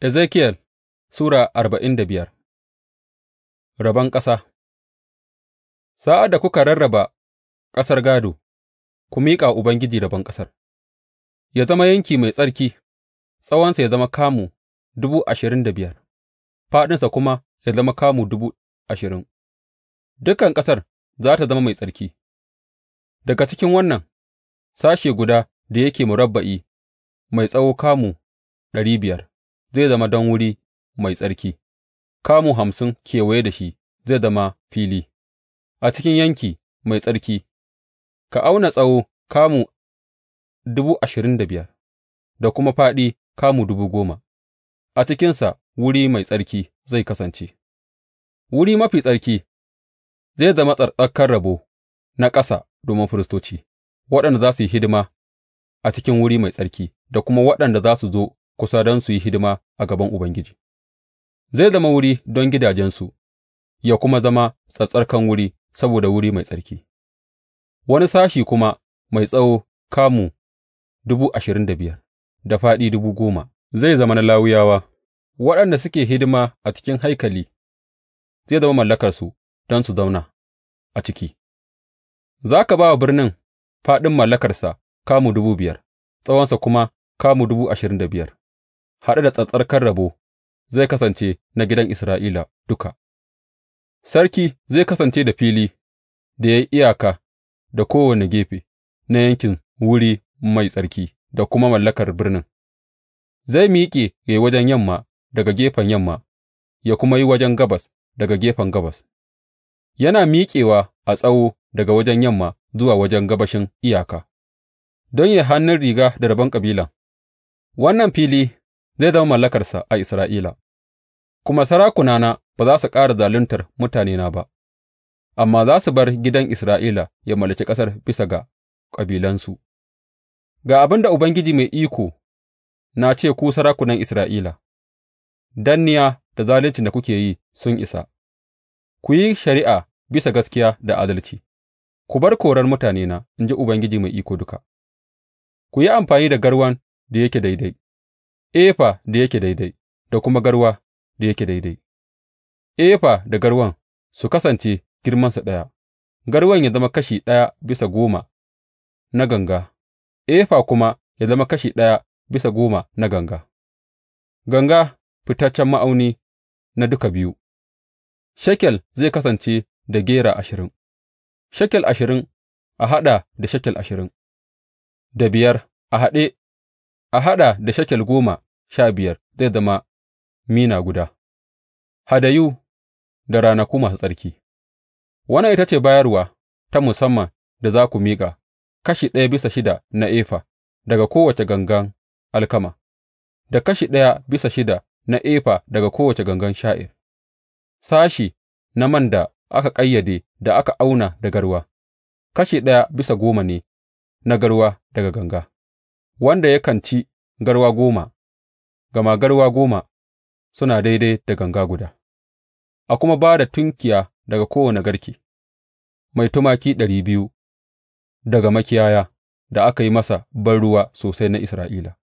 Ezekiyel Sura arba'in da biyar Rabon ƙasa Sa'ad da kuka rarraba ƙasar gādo, ku miƙa Ubangiji rabon ƙasar, ya zama yanki mai tsarki, tsawonsa ya zama kamu dubu ashirin da biyar, fāɗinsa kuma ya zama kamu dubu ashirin, dukan ƙasar za ta zama mai tsarki, daga cikin wannan sashe guda da yake murabba'i mai tsawo kamu ɗari biyar. zai zama don wuri mai tsarki, kamu hamsin kewaye da shi zai zama fili, a cikin yanki mai tsarki, ka auna tsawo kamu dubu ashirin da biyar da kuma fāɗi kamu dubu goma, a cikinsa wuri mai tsarki zai kasance, wuri mafi tsarki zai zama tsattsarkan rabo na ƙasa domin firistoci, waɗanda za su yi hidima a cikin wuri mai tsarki da kuma waɗanda za su zo kusa don su yi hidima a gaban Ubangiji; zai zama wuri don gidajensu ya kuma zama tsattsarkan wuri saboda wuri mai tsarki, wani sashi kuma mai tsawo kamu dubu ashirin da biyar da faɗi dubu goma zai zama na lawuyawa waɗanda suke hidima a cikin haikali, zai zama mallakarsu don su zauna a ciki; za ka ba wa birnin faɗin mallakarsa kamu dubu biyar, tsawonsa kuma kamu dubu ashirin da biyar. haɗe da tsattsarkan rabo, zai kasance na gidan Isra'ila duka, sarki zai kasance da fili da ya yi iyaka da kowane gefe na yankin wuri mai tsarki da kuma mallakar birnin, zai miƙe ya yi wajen yamma daga gefen yamma, ya kuma yi wajen gabas daga gefen gabas, yana miƙewa a tsawo daga wajen yamma zuwa wajen gabashin iyaka, don yă hannun riga da rabon kabilan, wannan fili zai zama mallakarsa a Isra'ila, kuma sarakunana ba za su ƙara zaluntar mutanena ba, amma za su bar gidan Isra'ila ya mallaki ƙasar bisa ga ƙabilansu Ga abin da Ubangiji mai iko na ce ku sarakunan Isra'ila, danniya da zaluncin da kuke yi sun isa, ku yi shari'a bisa gaskiya da adalci, ku bar korar mutanena, in ji Ubangiji mai iko duka, ku yi amfani da garwan da yake daidai. efa da yake daidai da kuma garwa da yake daidai, efa da garwan su kasance girmansu ɗaya, garwan ya zama kashi ɗaya bisa goma na ganga, efa kuma ya zama kashi ɗaya bisa goma na ganga, ganga fitaccen ma'auni na duka biyu, shekel zai kasance da gera ashirin, shekel ashirin a haɗa da shekel ashirin, da biyar a haɗe a haɗa da shekel goma sha biyar zai zama mina guda, hadayu da ranaku masu tsarki Wannan ita ce bayarwa ta musamman da za ku miƙa, kashi ɗaya bisa shida na efa daga kowace gangan alkama, da kashi ɗaya bisa shida na efa daga kowace gangan sha'ir, sashi na man da aka ƙayyade da aka auna da garwa, kashi ɗaya bisa goma ne na garwa daga ganga, wanda yakan ci garwa goma gama garwa goma suna daidai da ganga guda, a kuma ba da tunkiya daga kowane garke, mai tumaki ɗari biyu daga makiyaya da aka yi masa banruwa sosai na Isra'ila.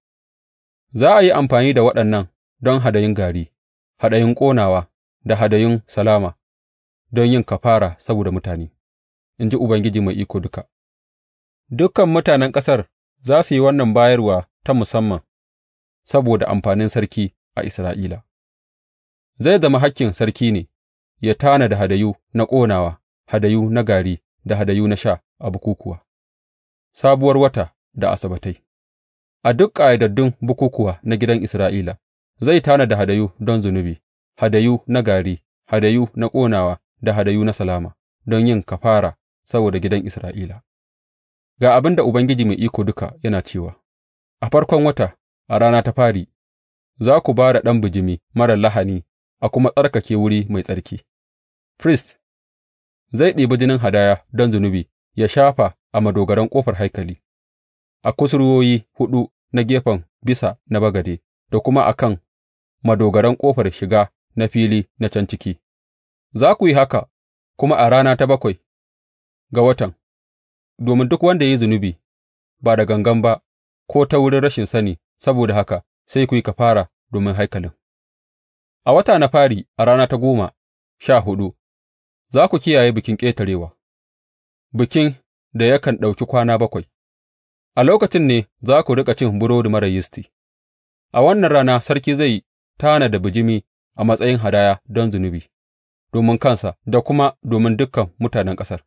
Za a yi amfani da waɗannan don hadayun gari, hadayun ƙonawa da hadayun salama don yin kafara saboda mutane, in ji Ubangiji Mai Iko Duka. Dukan mutanen ƙasar za su yi wannan bayarwa ta musamman saboda amfanin sarki a Isra'ila, zai zama hakkin sarki ne ya tana da hadayu na ƙonawa, hadayu na gari da hadayu na sha a bukukuwa, sabuwar wata da asibitai. A duk ƙa’idaddun bukukuwa na gidan Isra'ila zai tana da hadayu don zunubi, hadayu na gari, hadayu na ƙonawa da hadayu na salama don yin kafara saboda gidan Isra'ila. Ga abin da Ubangiji Mai Iko Duka yana cewa, A farkon wata a rana ta fari, za ku ba da ɗan bijimi marar lahani a kuma tsarkake wuri mai tsarki, firist zai ɗibi jinin hadaya don zunubi ya shafa a madogaran ƙofar haikali, a kusurwoyi huɗu na gefen bisa na bagade da kuma a kan madogaran ƙofar shiga na fili na can ciki, za ku yi haka kuma a rana ta bakwai ga watan, domin duk wanda ya yi zunubi ba da gangan ba ko ta wurin rashin sani saboda haka sai ku yi kafara domin haikalin. A wata na fari a rana ta goma sha hudu. za ku kiyaye Bikin Ƙetarewa, bikin da yakan ɗauki kwana bakwai, a lokacin ne za ku riƙa cin burodi marar yisti, a wannan rana sarki zai tana da bijimi a matsayin hadaya don zunubi, domin kansa da kuma domin dukan mutanen ƙasar.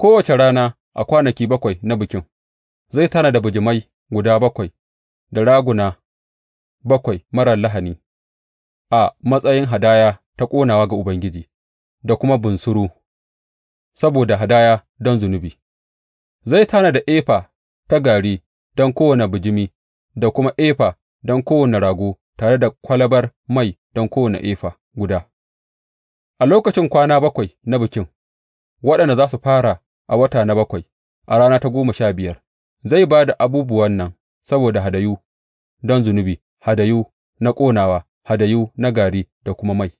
Kowace rana a kwanaki bakwai na bikin, zai tana da bijimai guda bakwai da raguna bakwai marar lahani a matsayin hadaya ta ƙonawa ga Ubangiji, da kuma bunsuru saboda hadaya don zunubi, zai tanada efa ta gari don kowane bijimi da kuma efa don kowane rago tare da kwalabar mai don kowane efa guda. A lokacin kwana bakwai na bikin, waɗanda za su fara a wata na bakwai a rana ta goma sha biyar, zai ba da abubuwan nan saboda hadayu don zunubi, hadayu na ƙonawa, hadayu na gari da kuma mai.